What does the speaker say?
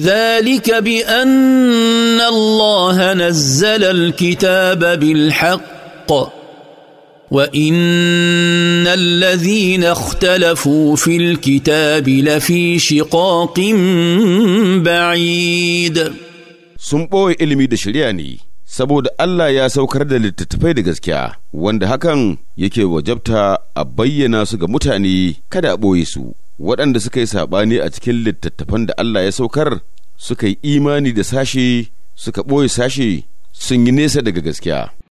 ذلك بان الله نزل الكتاب بالحق وان الذين اختلفوا في الكتاب لفي شقاق بعيد sun ɓoye ilimi da shirya ne saboda Allah ya saukar da littattafai da gaskiya wanda hakan yake wajabta a bayyana su ga mutane kada a ɓoye su waɗanda suka yi saɓani a cikin littattafan da Allah ya saukar suka yi imani da sashe suka ɓoye sashe sun yi nesa daga gaskiya